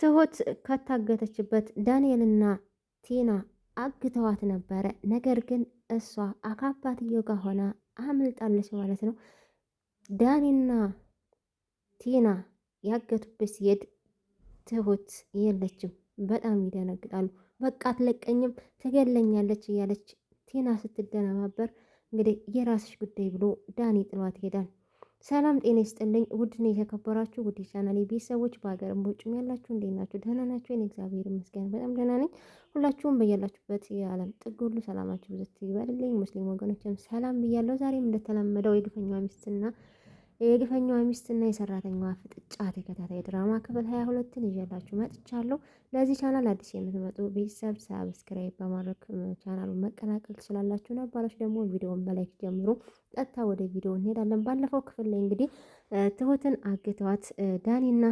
ትሁት ከታገተችበት ዳንኤልና ቲና አግተዋት ነበረ። ነገር ግን እሷ አካባትየው ጋር ሆና አምልጣለች ማለት ነው። ዳኒና ቲና ያገቱበት ሲሄድ ትሁት የለችም። በጣም ይደነግጣሉ። በቃ አትለቀኝም፣ ትገለኛለች እያለች ቲና ስትደነባበር፣ እንግዲህ የራስሽ ጉዳይ ብሎ ዳኒ ጥሏት ይሄዳል። ሰላም ጤና ይስጥልኝ። ውድና የተከበራችሁ ውድ ቻናል ቤተሰቦች በሀገርም በውጭም ያላችሁ እንዴት ናችሁ? ደህና ናችሁ? እኔ እግዚአብሔር ይመስገን በጣም ደህና ነኝ። ሁላችሁም በያላችሁበት የዓለም ጥግ ሁሉ ሰላማችሁ ብዘት ይበልልኝ። ሙስሊም ወገኖችም ሰላም ብያለሁ። ዛሬም እንደተለመደው የግፈኛዋ ሚስትና የግፈኛዋ ሚስትና የሰራተኛዋ ፍጥጫ ተከታታይ ድራማ ክፍል ሀያ ሁለትን ይዤላችሁ መጥቻለሁ። ለዚህ ቻናል አዲስ የምትመጡ ቤተሰብ ሳብስክራይብ በማድረግ ቻናሉን መቀላቀል ትችላላችሁ። ነባሮች ደግሞ ቪዲዮን በላይክ ጀምሮ ቀጥታ ወደ ቪዲዮ እንሄዳለን። ባለፈው ክፍል ላይ እንግዲህ ትሁትን አግተዋት ዳኒና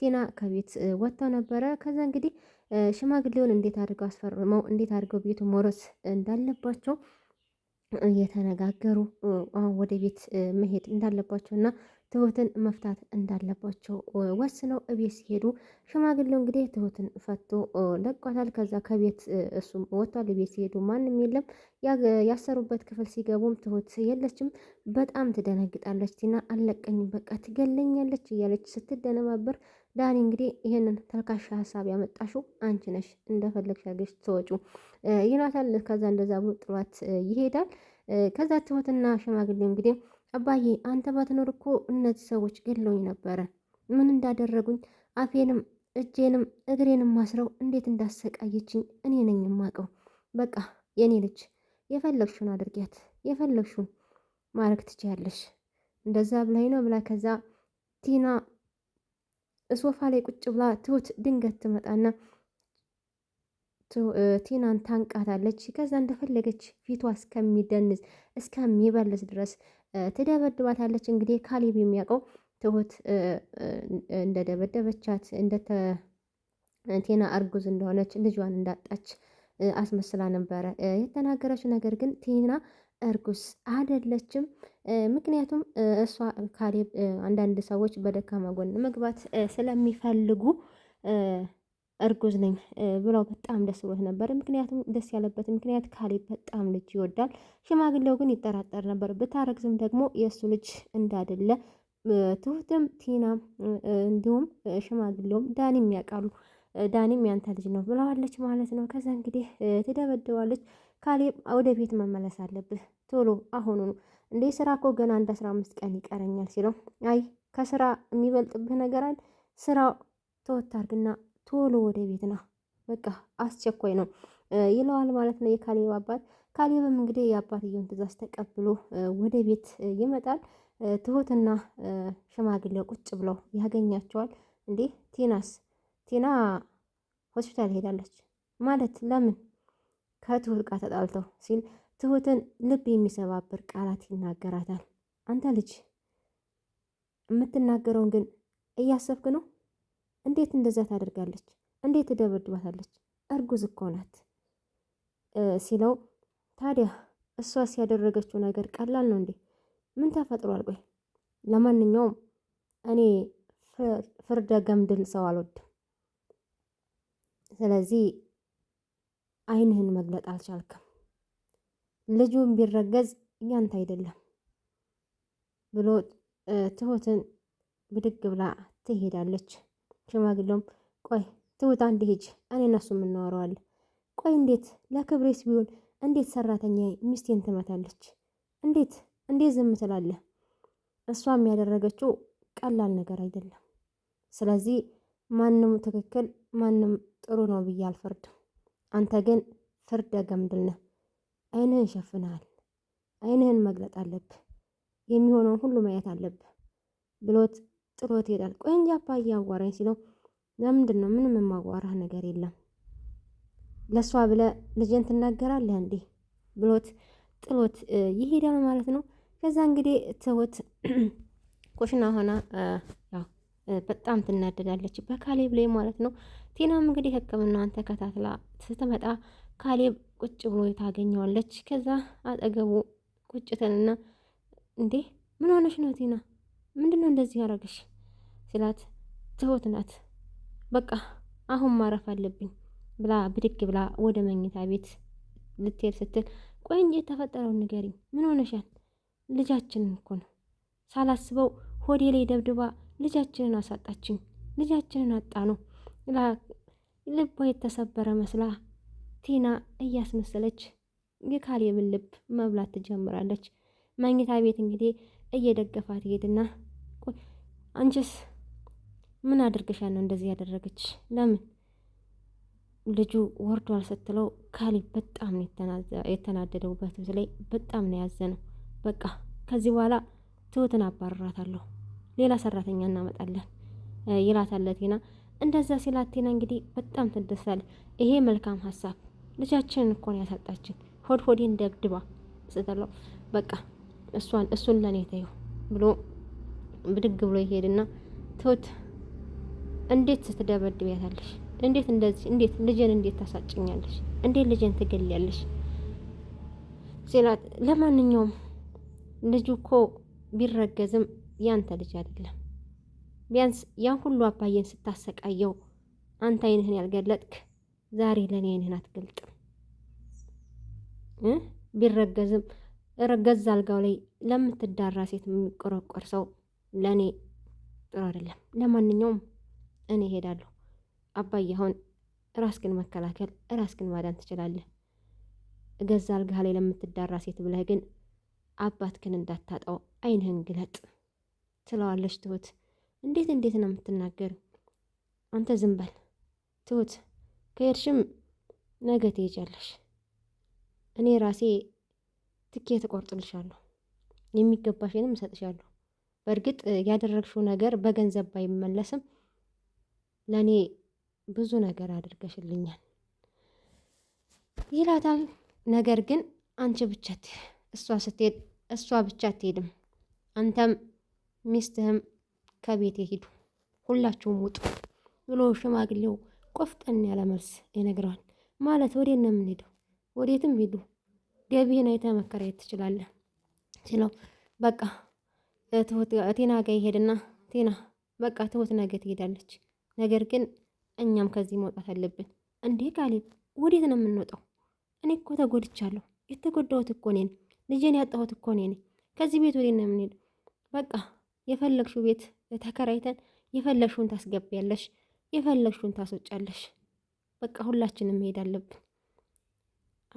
ቲና ከቤት ወጥተው ነበረ። ከዛ እንግዲህ ሽማግሌውን እንዴት አድርገው አስፈርመው እንዴት አድርገው ቤቱ መውረስ እንዳለባቸው እየተነጋገሩ አሁን ወደ ቤት መሄድ እንዳለባቸው እና ትሁትን መፍታት እንዳለባቸው ወስነው እቤት ሲሄዱ ሽማግሌው እንግዲህ ትሁትን ፈቶ ለቋታል። ከዛ ከቤት እሱም ወጥቷል። እቤት ሲሄዱ ማንም የለም። ያሰሩበት ክፍል ሲገቡም ትሁት የለችም። በጣም ትደነግጣለች። ቲና አለቀኝም፣ በቃ ትገለኛለች እያለች ስትደነባበር ዳኒ እንግዲህ ይህንን ተልካሻ ሀሳብ ያመጣሽው አንቺ ነሽ፣ እንደፈለግሽ አድርገሽ ትወጪ ይላታል። ከዛ እንደዛ ብሎ ጥሏት ይሄዳል። ከዛ ትሁትና ሽማግሌው እንግዲህ አባዬ አንተ ባትኖር እኮ እነዚህ ሰዎች ገለውኝ ነበረ። ምን እንዳደረጉኝ አፌንም እጄንም እግሬንም ማስረው እንዴት እንዳሰቃየችኝ እኔ ነኝ የማውቀው። በቃ የኔ ልጅ የፈለግሽውን አድርጊያት፣ የፈለግሽውን ማድረግ ትችያለሽ። እንደዛ ብላይ ነው ብላ ከዛ ቲና እሶፋ ላይ ቁጭ ብላ ትሁት ድንገት ትመጣና ቲናን ታንቃታለች። ከዛ እንደፈለገች ፊቷ እስከሚደንዝ እስከሚበልስ ድረስ ትደበድባታለች። እንግዲህ ካሌብ የሚያውቀው ትሁት እንደደበደበቻት እንደተ ቴና እርጉዝ እንደሆነች ልጇን እንዳጣች አስመስላ ነበረ የተናገረችው። ነገር ግን ቴና እርጉዝ አይደለችም። ምክንያቱም እሷ ካሌብ አንዳንድ ሰዎች በደካማ ጎን መግባት ስለሚፈልጉ እርጉዝ ነኝ ብለው በጣም ደስ ብሎት ነበር። ምክንያቱም ደስ ያለበት ምክንያት ካሌብ በጣም ልጅ ይወዳል። ሽማግሌው ግን ይጠራጠር ነበር። ብታረግዝም ደግሞ የእሱ ልጅ እንዳደለ ትሁትም፣ ቲና እንዲሁም ሽማግሌውም ዳኒም ያውቃሉ። ዳኒም ያንተ ልጅ ነው ብለዋለች ማለት ነው። ከዛ እንግዲህ ትደበድባለች። ካሌብ ወደ ቤት መመለስ አለብህ ቶሎ አሁኑ ነው እንዴ ስራ እኮ ገና አንድ አስራ አምስት ቀን ይቀረኛል ሲለው፣ አይ ከስራ የሚበልጥብህ ነገር አለ ስራ ተወታርግና ቶሎ ወደ ቤት ና፣ በቃ አስቸኳይ ነው ይለዋል ማለት ነው የካሌብ አባት። ካሌብም እንግዲህ የአባትየውን ትእዛዝ ተቀብሎ ወደ ቤት ይመጣል። ትሁትና ሽማግሌ ቁጭ ብለው ያገኛቸዋል። እንዴ ቲናስ? ቲና ሆስፒታል ሄዳለች ማለት ለምን? ከትሁት ጋር ተጣልተው ሲል ትሁትን ልብ የሚሰባብር ቃላት ይናገራታል። አንተ ልጅ የምትናገረውን ግን እያሰብክ ነው እንዴት እንደዛ ታደርጋለች? እንዴት ትደበድባታለች? እርጉዝ እኮ ናት ሲለው፣ ታዲያ እሷስ ያደረገችው ነገር ቀላል ነው እንዴ? ምን ተፈጥሯል? ቆይ ለማንኛውም እኔ ፍርደ ገምድል ሰው አልወድም። ስለዚህ አይንህን መግለጥ አልቻልክም። ልጁን ቢረገዝ እያንተ አይደለም ብሎ ትሁትን ብድግ ብላ ትሄዳለች። ሽማግሌውም ቆይ ትሁት አንድ ሂጅ፣ እኔ እነሱ የምናወራዋለን። ቆይ እንዴት ለክብሬስ ቢሆን እንዴት ሰራተኛ ሚስቴን ትመታለች? እንዴት እንዴት ዝም ትላለህ? እሷም ያደረገችው ቀላል ነገር አይደለም። ስለዚህ ማንም ትክክል ማንም ጥሩ ነው ብዬ አልፈርድም። አንተ ግን ፍርደ ገምድል ነህ። አይንህን ሸፍነሃል። አይንህን መግለጥ አለብህ። የሚሆነውን ሁሉ ማየት አለብህ ብሎት ጥሎት ይሄዳል። ቆይ እንጂ አባዬ አዋራኝ ሲለው ለምንድን ነው ምንም የማዋራህ ነገር የለም ለእሷ ብለ ልጅን ትናገራለህ እንዴ ብሎት ጥሎት ይሄዳል ማለት ነው። ከዛ እንግዲህ ትሁት ኩሽና ሆና በጣም ትናደዳለች በካሌብ ላይ ማለት ነው። ቴናም እንግዲህ ሕክምናዋን ተከታትላ ስትመጣ ካሌብ ቁጭ ብሎ ታገኘዋለች። ከዛ አጠገቡ ቁጭትንና እንዴ ምን ሆነሽ ነው ቴና? ምንድን ነው እንደዚህ ያደረገሽ ስላት ትሁት ናት በቃ አሁን ማረፍ አለብኝ ብላ ብድግ ብላ ወደ መኝታ ቤት ልትሄድ ስትል ቆይ እንጂ የተፈጠረውን ንገሪኝ ምን ሆነሻል ልጃችንን እኮ ነው ሳላስበው ሆዴ ላይ ደብድባ ልጃችንን አሳጣችኝ ልጃችንን አጣ ነው ልቧ የተሰበረ መስላ ቲና እያስመሰለች የካሌብን ልብ መብላት ትጀምራለች መኝታ ቤት እንግዲህ እየደገፋት ይሄድና አንቺስ ምን አድርገሻል ነው እንደዚህ ያደረገች? ለምን ልጁ ወርዷል ስትለው ካሊ በጣም ነው የተናደደው። በትሁት ላይ በጣም ነው ያዘነው። በቃ ከዚህ በኋላ ትሁትን አባረራታለሁ፣ ሌላ ሰራተኛ እናመጣለን ይላታል ቲና። እንደዛ ሲላት ቲና እንግዲህ በጣም ትደሳለች። ይሄ መልካም ሀሳብ ልጃችንን እኮ ነው ያሳጣችን፣ ሆድ ሆዴን ደብድባ ስትለው በቃ እሷን እሱን ለእኔ ተይው ብሎ ብድግ ብሎ ይሄድና ትሁት እንዴት ስትደበድቢያታለሽ? እንዴት እንደዚህ እንዴት ልጄን እንዴት ታሳጭኛለሽ? እንዴት ልጄን ትገልያለሽ? ሲላት ለማንኛውም ልጁ እኮ ቢረገዝም ያንተ ልጅ አይደለም። ቢያንስ ያን ሁሉ አባዬን ስታሰቃየው አንተ አይንህን ያልገለጥክ ዛሬ ለእኔ አይንህን አትገልጥም። ቢረገዝም ገዛ አልጋው ላይ ለምትዳራ ሴት የሚቆረቆር ሰው ለእኔ ጥሩ አይደለም። ለማንኛውም እኔ ሄዳለሁ። አባዬ አሁን ራስክን መከላከል ራስክን ማዳን ትችላለህ። ገዛ አልጋ ላይ ለምትዳራ ሴት ብለህ ግን አባትክን እንዳታጣው አይንህን ግለጥ ትለዋለች ትሁት። እንዴት እንዴት ነው የምትናገር አንተ? ዝም በል ትሁት፣ ከሄድሽም ነገ ትሄጃለሽ። እኔ ራሴ ትኬት እቆርጥልሻለሁ፣ የሚገባሽንም እሰጥሻለሁ። በእርግጥ ያደረግሽው ነገር በገንዘብ ባይመለስም ለእኔ ብዙ ነገር አድርገሽልኛል ይላታል። ነገር ግን አንቺ ብቻ እሷ ስትሄድ እሷ ብቻ አትሄድም፣ አንተም ሚስትህም ከቤት ሂዱ፣ ሁላችሁም ውጡ ብሎ ሽማግሌው ቆፍጠን ያለ መልስ ይነግረዋል። ማለት ወዴት ነው የምንሄደው? ወዴትም ሂዱ ገቢህን አይተህ መከራየት ትችላለህ ሲለው በቃ ትሁት ቲና ጋ ይሄድና ቲና በቃ ትሁት ነገ ትሄዳለች። ነገር ግን እኛም ከዚህ መውጣት አለብን። እንዴ ካሌብ ወዴት ነው የምንወጣው? እኔ እኮ ተጎድቻለሁ። የተጎዳሁት እኮ እኔ ነኝ። ልጄን ያጣሁት እኮ እኔ ነኝ። ከዚህ ቤት ወዴት ነው የምንሄድ? በቃ የፈለግሽው ቤት ተከራይተን የፈለግሽውን ታስገቢያለሽ፣ የፈለግሽውን ታስወጫለሽ። በቃ ሁላችንም መሄድ አለብን።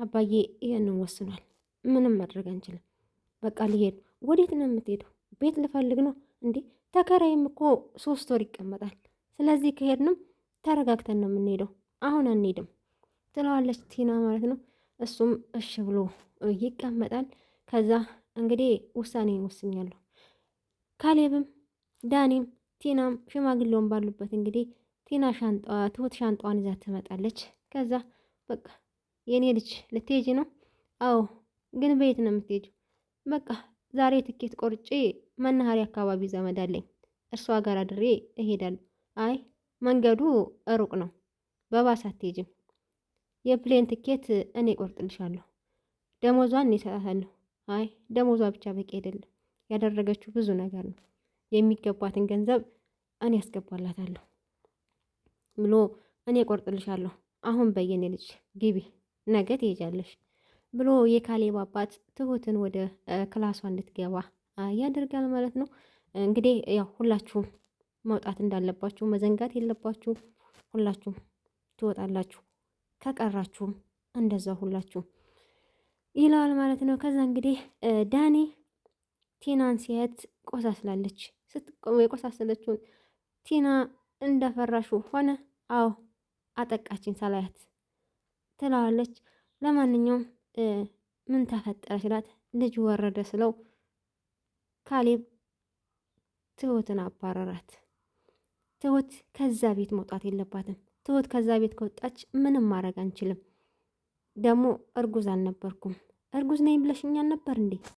አባዬ ይህንን ወስኗል። ምንም ማድረግ አንችልም። በቃ ልሄድ። ወዴት ነው የምትሄደው? ቤት ልፈልግ ነው እንዴ? ተከራይም እኮ ሶስት ወር ይቀመጣል። ስለዚህ ከሄድንም ተረጋግተን ነው የምንሄደው። አሁን አንሄድም ትለዋለች ቲና ማለት ነው። እሱም እሺ ብሎ ይቀመጣል። ከዛ እንግዲህ ውሳኔ ይወስኛለሁ። ካሌብም ዳኒም ቲናም ሽማግሌውን ባሉበት እንግዲህ ቲና ሻንጣዋ ትሁት ሻንጣዋን ይዛ ትመጣለች። ከዛ በቃ የእኔ ልጅ ልትሄጂ ነው? አዎ። ግን በየት ነው የምትሄጂው? በቃ ዛሬ ትኬት ቆርጬ መናኸሪያ አካባቢ ዘመድ አለኝ። እርሷ ጋር አድሬ እሄዳለሁ። አይ መንገዱ ሩቅ ነው፣ በባስ አትሄጂም። የፕሌን ትኬት እኔ ቆርጥልሻለሁ፣ ደሞዟን እኔ እሰጣታለሁ። አይ ደሞዟ ብቻ በቂ አይደለም፣ ያደረገችው ብዙ ነገር ነው። የሚገባትን ገንዘብ እኔ ያስገባላታለሁ ብሎ እኔ ቆርጥልሻለሁ። አሁን በየኔ ልጅ ግቢ ነገ ትሄጃለሽ ብሎ የካሌብ አባት ትሁትን ወደ ክላሷ እንድትገባ ያደርጋል ማለት ነው። እንግዲህ ያው ሁላችሁም መውጣት እንዳለባችሁ መዘንጋት የለባችሁ። ሁላችሁም ትወጣላችሁ፣ ከቀራችሁም እንደዛ ሁላችሁም ይለዋል ማለት ነው። ከዛ እንግዲህ ዳኒ ቲናን ሲያየት ቆሳስላለች። የቆሳሰለችውን ቲና እንደፈራሹ ሆነ። አዎ አጠቃችን ሳላያት ትለዋለች። ለማንኛውም ምን ተፈጠረ ሲላት ልጅ ወረደ ስለው ካሌብ ትሁትን አባረራት። ትሁት ከዛ ቤት መውጣት የለባትም። ትሁት ከዛ ቤት ከወጣች ምንም ማድረግ አንችልም። ደግሞ እርጉዝ አልነበርኩም። እርጉዝ ነኝ ብለሽኛል ነበር እንዴ?